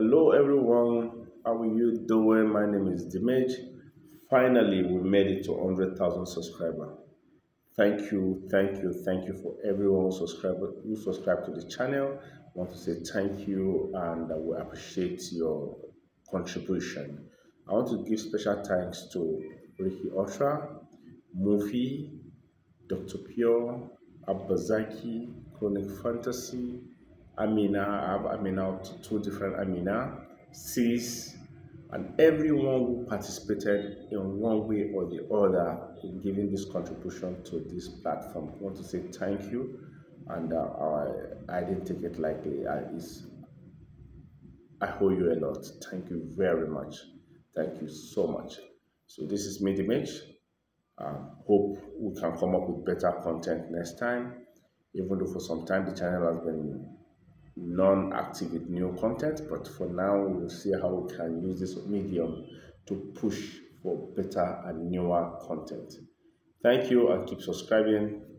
Hello everyone, how are you doing? My name is Dimage. Finally, we made it to 100,000 subscribers. Thank you, thank you, thank you for everyone who subscribed to the channel. I want to say thank you and we appreciate your contribution. I want to give special thanks to Ricky Osha, Mufi, Dr. Pure, Abazaki, Chronic Fantasy, Amina, I have Amina two different Amina, Sis, and everyone who participated in one way or the other in giving this contribution to this platform. I want to say thank you, and uh, I, I didn't take it lightly. I, I owe you a lot. Thank you very much. Thank you so much. So this is me, Dimitri. Uh, um, hope we can come up with better content next time even though for some time the channel has been non-active with new content but for now we'll see how we can use this medium to push for better and newer content thank you and keep subscribing